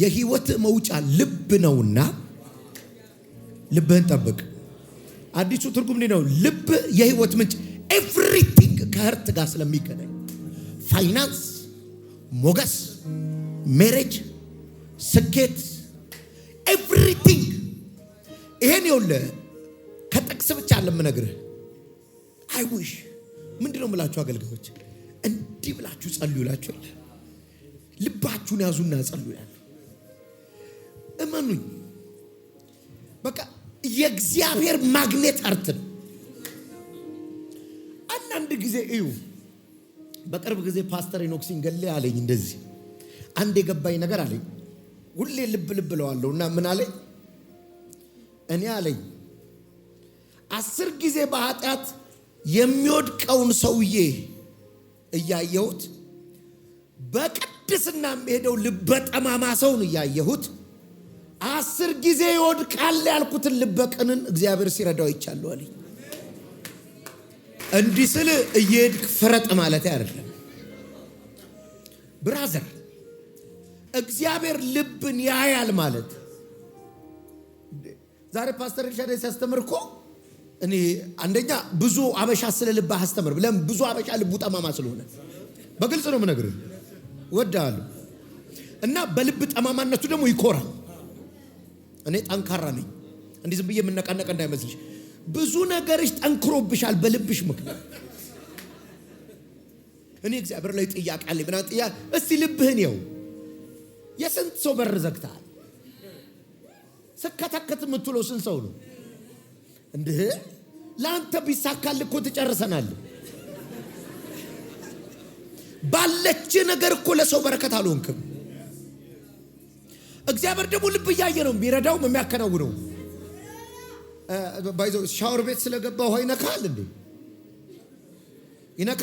የህይወት መውጫ ልብ ነውና ልብህን ጠብቅ። አዲሱ ትርጉም ነው ልብ የህይወት ምንጭ ኤቭሪቲንግ ከእርት ጋር ስለሚገናኝ ፋይናንስ፣ ሞገስ፣ ሜሬጅ፣ ስኬት ኤቭሪቲንግ ይሄን የውለ ከጠቅስ ብቻ ለምነግርህ አይዊሽ ምንድን ነው የምላችሁ አገልጋዮች እንዲህ ብላችሁ ጸልዩላችሁ ልባችሁን ያዙና ጸልዩ ያለ እመኑኝ፣ በቃ የእግዚአብሔር ማግኔት አርትን? አንዳንድ ጊዜ እዩ። በቅርብ ጊዜ ፓስተር ኖክሲን ሲንገሌ አለኝ እንደዚህ አንድ የገባኝ ነገር አለኝ። ሁሌ ልብ ልብ ለዋለሁ እና ምን አለኝ? እኔ አለኝ አስር ጊዜ በኃጢአት የሚወድቀውን ሰውዬ እያየሁት በቅድስና የሚሄደው ልበጠማማ ሰውን እያየሁት አስር ጊዜ ይወድቃል ያልኩትን ልበቀንን እግዚአብሔር ሲረዳው ይቻለሁ አለኝ። እንዲህ ስል እየሄድክ ፍረጥ ማለት አይደለም ብራዘር። እግዚአብሔር ልብን ያያል ማለት ዛሬ ፓስተር ሪቻርድ ሲያስተምር እኮ እኔ አንደኛ ብዙ አበሻ ስለ ልብህ አስተምር ብለም ብዙ አበሻ ልቡ ጠማማ ስለሆነ በግልጽ ነው የምነግርህ ወዳሉ እና በልብ ጠማማነቱ ደግሞ ይኮራል። እኔ ጠንካራ ነኝ። እንዲህ ዝም ብዬ የምነቃነቀ እንዳይመስልሽ። ብዙ ነገርሽ ጠንክሮብሻል በልብሽ ምክንያት። እኔ እግዚአብሔር ላይ ጥያቄ አለኝ ምናምን ጥያቄ። እስቲ ልብህን የው የስንት ሰው በር ዘግተሃል? ስከተከት የምትውለው ስንት ሰው ነው? እንድህ ለአንተ ቢሳካል እኮ ትጨርሰናል። ባለች ነገር እኮ ለሰው በረከት አልሆንክም። እግዚአብሔር ደግሞ ልብ እያየ ነው የሚረዳውም የሚያከናውነው። ባይዞ ሻወር ቤት ስለገባ ውሃ ይነካል እንዴ? ይነካ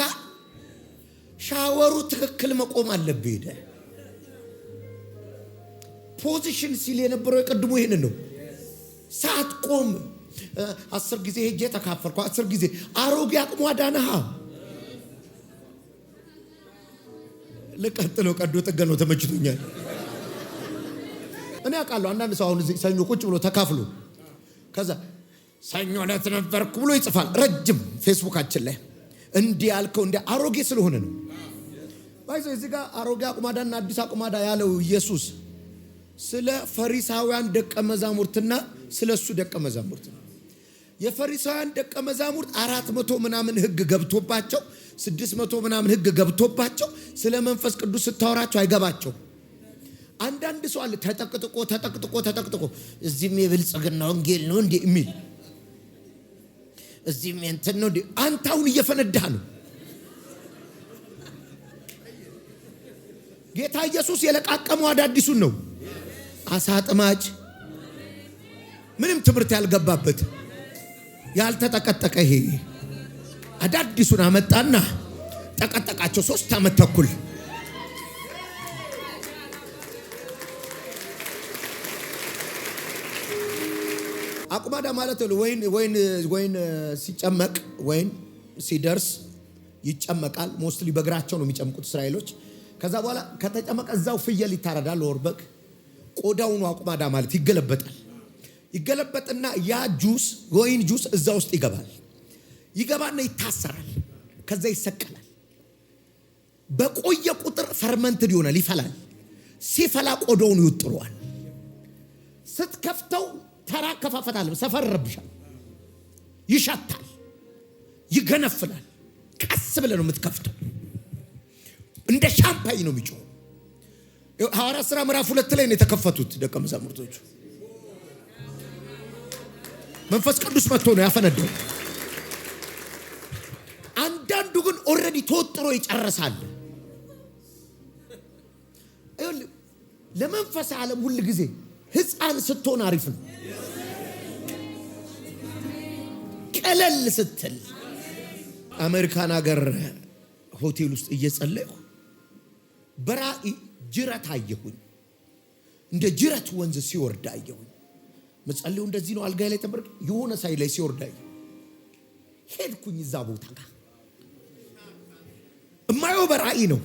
ሻወሩ ትክክል መቆም አለብህ። ሄደ ፖዚሽን ሲል የነበረው የቀድሞ ይህን ነው። ቆም አስር ጊዜ ሄጄ ተካፈልኩ። አስር ጊዜ አሮጌ አቅሙ አዳነሃ። ልቀጥለው ቀዶ ነው ተመችቶኛል። እኔ አውቃለሁ። አንዳንድ ሰው አሁን ሰኞ ቁጭ ብሎ ተካፍሎ ከዛ ሰኞ ዕለት ነበርኩ ብሎ ይጽፋል ረጅም ፌስቡካችን ላይ እንዲህ ያልከው እንዲ አሮጌ ስለሆነ ነው። ባይዘ እዚህ ጋር አሮጌ አቁማዳና አዲስ አቁማዳ ያለው ኢየሱስ ስለ ፈሪሳውያን ደቀ መዛሙርትና ስለ እሱ ደቀ መዛሙርት ነው። የፈሪሳውያን ደቀ መዛሙርት አራት መቶ ምናምን ህግ ገብቶባቸው ስድስት መቶ ምናምን ህግ ገብቶባቸው ስለ መንፈስ ቅዱስ ስታወራቸው አይገባቸው አንዳንድ ሰው አለ ተጠቅጥቆ ተጠቅጥቆ ተጠቅጥቆ እዚህም የብልጽግና ወንጌል ነው እንዲ የሚል እዚህም እንትን ነው አንተ አሁን እየፈነዳህ ነው። ጌታ ኢየሱስ የለቃቀመው አዳዲሱን ነው። አሳ አጥማጭ ምንም ትምህርት ያልገባበት ያልተጠቀጠቀ ይሄ አዳዲሱን አመጣና ጠቀጠቃቸው ሶስት ዓመት ተኩል ጓዳ ማለት ወይን ሲጨመቅ ወይን ሲደርስ ይጨመቃል። ሞስትሊ በእግራቸው ነው የሚጨምቁት እስራኤሎች። ከዛ በኋላ ከተጨመቀ እዛው ፍየል ይታረዳል፣ ወር ቆዳውን አቁማዳ ማለት ይገለበጣል። ይገለበጥና ያ ጁስ ወይን ጁስ እዛ ውስጥ ይገባል። ይገባና ይታሰራል። ከዛ ይሰቀላል። በቆየ ቁጥር ፈርመንትድ ይሆናል፣ ይፈላል። ሲፈላ ቆዳውን ይውጥረዋል። ስትከፍተው ተራ አከፋፈታል። ሰፈር ረብሻል፣ ይሻታል፣ ይገነፍላል። ቀስ ብለ ነው የምትከፍተው። እንደ ሻምፓኝ ነው የሚጮ ሐዋርያት ሥራ ምዕራፍ ሁለት ላይ ነው የተከፈቱት ደቀ መዛሙርቶቹ። መንፈስ ቅዱስ መጥቶ ነው ያፈነደው። አንዳንዱ ግን ኦልሬዲ ተወጥሮ ይጨርሳል። ለመንፈስ ዓለም ሁል ጊዜ ህፃን ስትሆን አሪፍ ነው። ቀለል ስትል አሜሪካን ሀገር ሆቴል ውስጥ እየጸለይሁ በራእይ ጅረት አየሁኝ። እንደ ጅረት ወንዝ ሲወርድ አየሁኝ። መጸለዩ እንደዚህ ነው። አልጋ ላይ ተመር የሆነ ሳይ ላይ ሲወርድ አየሁ። ሄድኩኝ እዛ ቦታ ጋር እማየው በራእይ ነው።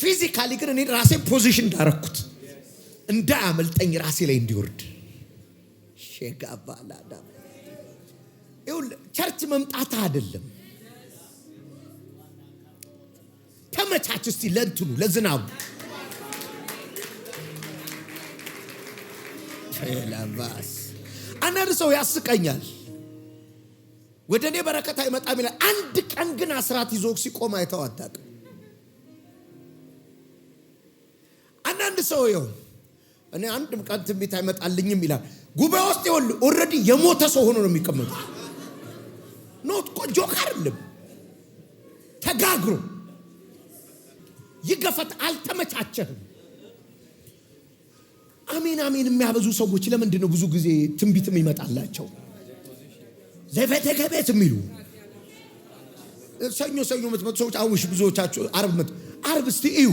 ፊዚካሊ ግን እኔ ራሴ ፖዚሽን እንዳረግኩት እንዳያመልጠኝ ራሴ ላይ እንዲወርድ ቸርች መምጣት አይደለም። ተመቻች እስቲ ለእንትኑ ለዝናቡ አንዳንድ ሰው ያስቀኛል። ወደ እኔ በረከት አይመጣም ይላል። አንድ ቀን ግን አስራት ይዞ ሲቆም አይተው አታውቅም። አንዳንድ ሰው ይኸው እኔ አንድም ቀን ትንቢት አይመጣልኝም ይላል። ጉባኤ ውስጥ ይወል ኦልሬዲ የሞተ ሰው ሆኖ ነው የሚቀመጡ። ኖት እኮ ጆክ አይደለም። ተጋግሮ ይገፈት። አልተመቻቸህም። አሜን አሜን የሚያበዙ ሰዎች ለምንድን ነው ብዙ ጊዜ ትንቢትም ይመጣላቸው? ዘበተገበት የሚሉ ሰኞ ሰኞ የምትመጡ ሰዎች አውሽ ብዙዎቻችሁ አርብ መጡ። አርብ እስቲ እዩ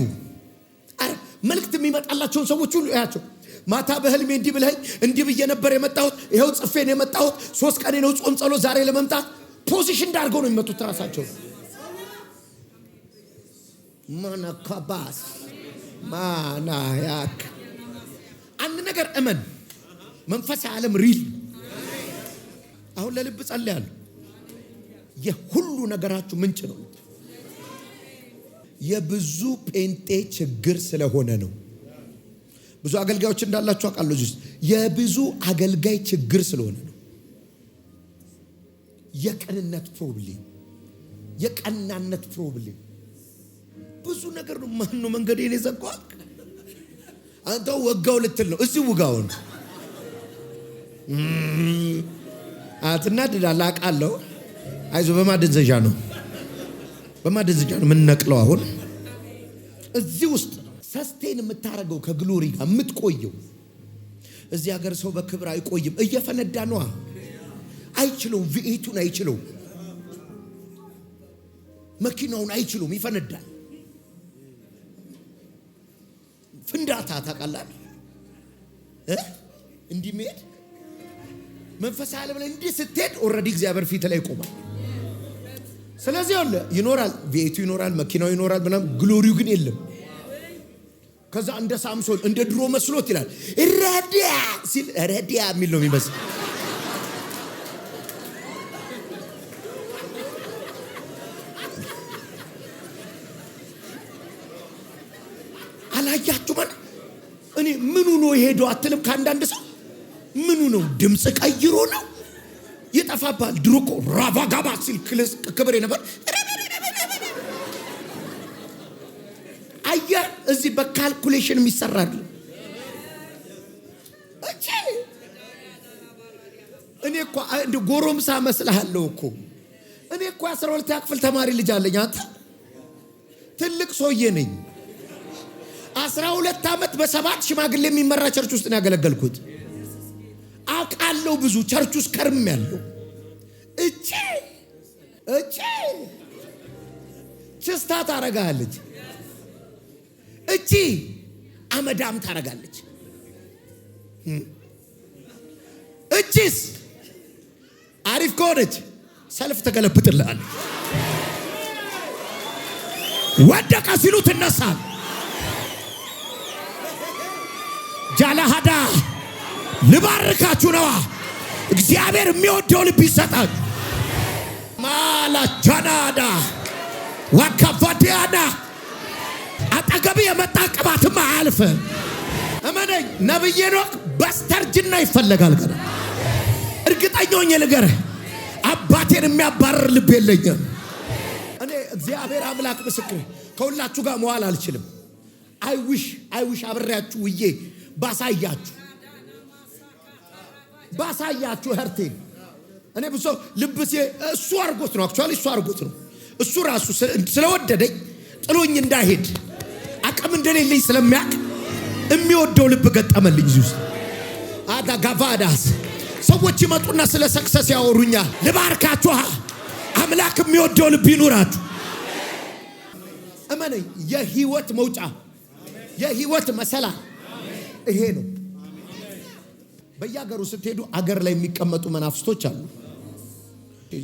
አርብ መልእክት የሚመጣላቸውን ሰዎች ሁሉ ያቸው። ማታ በህልሜ እንዲህ ብለኸኝ እንዲህ ብዬ ነበር የመጣሁት፣ ይኸው ጽፌን የመጣሁት ሶስት ቀን ነው ጾም ጸሎት፣ ዛሬ ለመምጣት ፖዚሽን እንዳርገው ነው የሚመጡት ራሳቸው ማናካባስ ማናያክ አንድ ነገር እመን። መንፈስ ዓለም ሪል አሁን ለልብ ጸልያለሁ። የሁሉ ነገራችሁ ምንጭ ነው። የብዙ ጴንጤ ችግር ስለሆነ ነው። ብዙ አገልጋዮች እንዳላችሁ አውቃለሁ። ውስጥ የብዙ አገልጋይ ችግር ስለሆነ ነው። የቀንነት ፕሮብሌም፣ የቀናነት ፕሮብሌም ብዙ ነገር ነው። ማን ነው ኔ ዘጓ? አንተ ወጋው ልትል ነው። እዚህ ውጋውን አትናድዳለህ፣ አውቃለሁ። አይዞህ፣ በማደንዘዣ ነው በማደንዘዣ ነው የምንነቅለው። አሁን እዚህ ውስጥ ሰስቴን የምታደርገው ከግሎሪ ጋር የምትቆየው እዚህ ሀገር ሰው በክብር አይቆይም። እየፈነዳ ነዋ። አይችለውም። ቪኤቱን አይችለውም። መኪናውን አይችሉም። ይፈነዳል። ፍንዳታ ታውቃላል። እንዲህ መሄድ መንፈሳዊ ዓለም ላይ እንዲህ ስትሄድ ኦልሬዲ እግዚአብሔር ፊት ላይ ይቆማል። ስለዚህ አለ ይኖራል፣ ቤቱ ይኖራል፣ መኪናው ይኖራል ምናም ግሎሪው ግን የለም። ከዛ እንደ ሳምሶን እንደ ድሮ መስሎት ይላል ረዲያ ሲል ረዲያ የሚል ነው የሚመስል አላያችሁ ማለት እኔ ምኑ ነው የሄደው አትልም። ከአንዳንድ ሰው ምኑ ነው ድምፅ ቀይሮ ነው ይጠፋባል። ድሮ እኮ ራቫጋባ ሲል ክብር የነበር አየህ እዚህ በካልኩሌሽን የሚሰራል። እኔ እኮ እንደ ጎረምሳ መስልሃለሁ እኮ እኔ እኮ አስራ ሁለት ክፍል ተማሪ ልጅ አለኝ። አንተ ትልቅ ሰውዬ ነኝ። አስራ ሁለት ዓመት በሰባት ሽማግሌ የሚመራ ቸርች ውስጥ ነው ያገለገልኩት። አውቃለሁ። ብዙ ቸርች ውስጥ ከርም ያለው እቺ እቺ ችስታ ታረጋለች፣ እቺ አመዳም ታረጋለች፣ እቺስ አሪፍ ከሆነች ሰልፍ ተገለብጥልሃለች። ወደቀ ሲሉ ትነሳል ጃላሃዳ ልባርካችሁ ነዋ። እግዚአብሔር የሚወደው ልብ ይሰጣል። ማላቻናዳ ዋካቫዲያና አጠገብ የመጣ ቅባትም አያልፍ። እመነኝ ነብይ ሄኖክ በስተርጅና ይፈለጋል። ገና እርግጠኛ ሆኜ አባቴን የሚያባረር ልብ የለኝም። እኔ እግዚአብሔር አምላክ ምስክር፣ ከሁላችሁ ጋር መዋል አልችልም። አይውሽ አይውሽ አብሬያችሁ ውዬ ባሳያችሁ ባሳያችሁ ሄርቴን እኔ ብዙ ልብሴ እሱ አርጎት ነው። አክቹዋሊ እሱ አርጎት ነው። እሱ ራሱ ስለወደደኝ ጥሎኝ እንዳይሄድ አቅም እንደሌለኝ ስለሚያውቅ የሚወደው ልብ ገጠመልኝ። እዚህ አዳ ጋቫዳስ ሰዎች ይመጡና ስለ ሰክሰስ ያወሩኛል። ልባርካችሁ፣ አምላክ የሚወደው ልብ ይኑራችሁ። እመነኝ፣ የህይወት መውጫ የህይወት መሰላ ይሄ ነው። በየሀገሩ ስትሄዱ አገር ላይ የሚቀመጡ መናፍስቶች አሉ።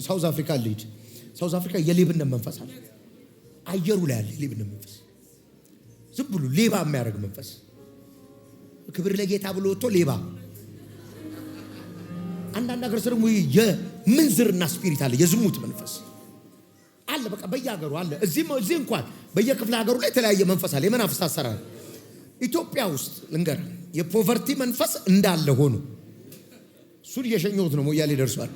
ሳውዝ አፍሪካ ልሂድ። ሳውዝ አፍሪካ የሌብነት መንፈስ አለ። አየሩ ላይ አለ። የሌብነት መንፈስ፣ ዝም ብሎ ሌባ የሚያደርግ መንፈስ፣ ክብር ለጌታ ብሎ ወጥቶ ሌባ። አንዳንድ ሀገር ስር ደግሞ የምንዝርና ስፒሪት አለ፣ የዝሙት መንፈስ አለ። በቃ በየሀገሩ አለ። እዚህ እዚህ እንኳን በየክፍለ ሀገሩ ላይ የተለያየ መንፈስ አለ፣ የመናፍስት አሰራር ኢትዮጵያ ውስጥ ልንገር የፖቨርቲ መንፈስ እንዳለ ሆኖ እሱን እየሸኘሁት ነው። ሞያሌ ደርሷል።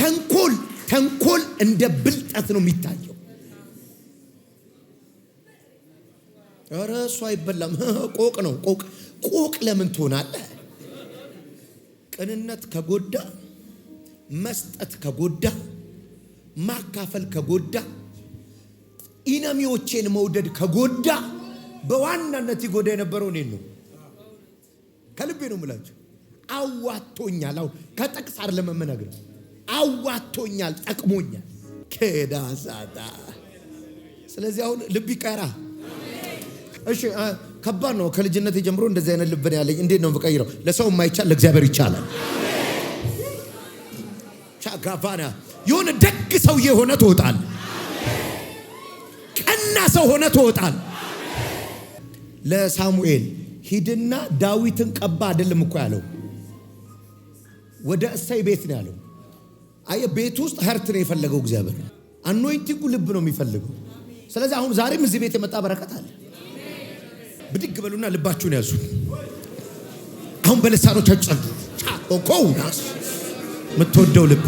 ተንኮል ተንኮል እንደ ብልጠት ነው የሚታየው። ኧረ እሱ አይበላም፣ ቆቅ ነው ቆቅ። ቆቅ ለምን ትሆናለህ? ቅንነት ከጎዳ፣ መስጠት ከጎዳ፣ ማካፈል ከጎዳ፣ ኢነሚዎቼን መውደድ ከጎዳ በዋናነት ይጎዳ የነበረው እኔን ነው። ከልቤ ነው ምላቸው። አዋቶኛል። አሁን ከጠቅስ አይደለም አዋቶኛል፣ ጠቅሞኛል። ከዳሳታ ስለዚህ አሁን ልብ ይቀራ። እሺ ከባድ ነው። ከልጅነት ጀምሮ እንደዚህ አይነት ልብ ነው ያለኝ። እንዴት ነው ብቀይረው? ለሰው የማይቻል ለእግዚአብሔር ይቻላል። ቻጋፋና የሆነ ደግ ሰውዬ ሆነ ትወጣል። ቀና ሰው ሆነ ትወጣል። ለሳሙኤል ሂድና ዳዊትን ቀባ አይደለም እኮ ያለው፣ ወደ እሰይ ቤት ነው ያለው። አየ ቤት ውስጥ ሀርት ነው የፈለገው እግዚአብሔር። አኖይንቲንጉ ልብ ነው የሚፈልገው። ስለዚህ አሁን ዛሬም እዚህ ቤት የመጣ በረከት አለ። ብድግ በሉና ልባችሁን ያዙ። አሁን በልሳኖቻችሁ ጸዱ። የምትወደው ልብ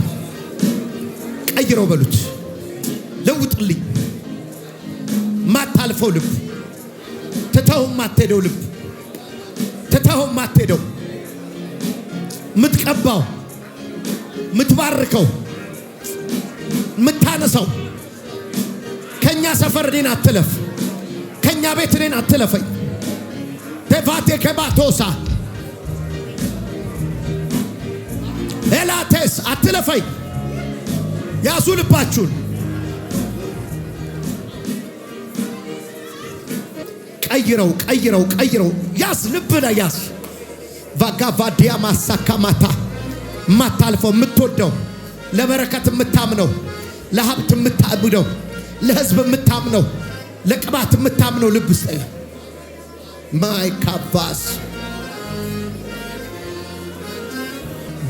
ቀይረው በሉት፣ ለውጥልኝ ማታልፈው ልብ ትታው ማትሄደው ልብ ትታው ማትሄደው ምትቀባው ምትባርከው ምታነሳው ከኛ ሰፈር እኔን አትለፍ፣ ከኛ ቤት እኔን አትለፈኝ። ቴቫቴ ከባቶሳ ኤላቴስ አትለፈኝ። ያዙ ልባችሁን ቀይረው ቀይረው ቀይረው ያዝ፣ ልብ ላይ ያዝ። ቫጋ ቫዲያ ማሳካ ማታ የማታልፈው የምትወደው ለበረከት የምታምነው ለሀብት የምታምነው ለህዝብ የምታምነው ለቅባት የምታምነው ልብ ስ ማይ ካባስ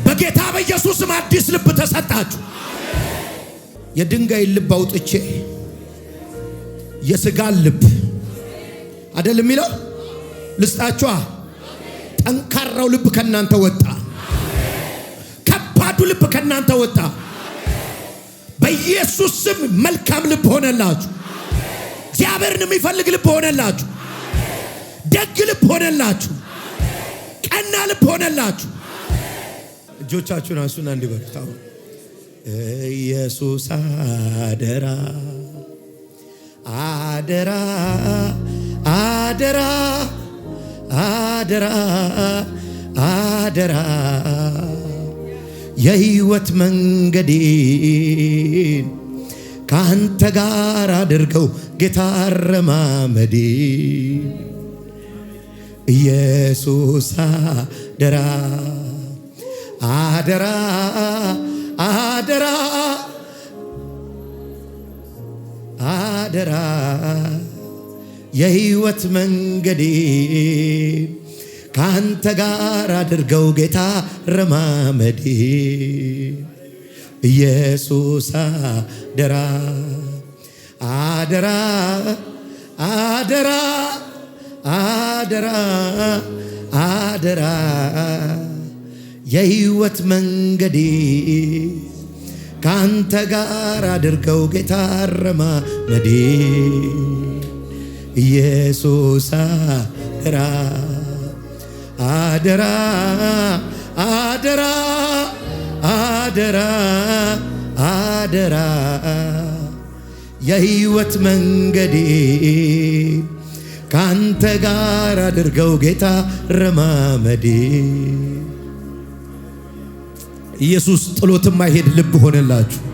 በጌታ በኢየሱስም አዲስ ልብ ተሰጣችሁ። የድንጋይን ልብ አውጥቼ የስጋን ልብ አደል የሚለው ልስጣችኋ። ጠንካራው ልብ ከእናንተ ወጣ። ከባዱ ልብ ከእናንተ ወጣ። በኢየሱስ ስም መልካም ልብ ሆነላችሁ። እግዚአብሔርን የሚፈልግ ልብ ሆነላችሁ። ደግ ልብ ሆነላችሁ። ቀና ልብ ሆነላችሁ። እጆቻችሁን አንሱና እንዲበሉት ኢየሱስ አደራ አደራ አደራ አደራ አደራ የህይወት መንገዴን ከአንተ ጋር አድርገው ጌታ አረማመዴ ኢየሱስ አደራ አደራ አደራ አደራ የህይወት መንገዴ ከአንተ ጋር አድርገው ጌታ ረማመዴ ኢየሱስ አደራ አደራ አደራ አደራ አደራ የህይወት መንገዴ ከአንተ ጋር አድርገው ጌታ ረማመዴ ኢየሱስ አደራ አደራ አደራ አደራ አደራ የህይወት መንገዴ ካንተ ጋር አድርገው ጌታ ረማመዴ ኢየሱስ ጥሎት ማይሄድ ልብ ሆነላችሁ።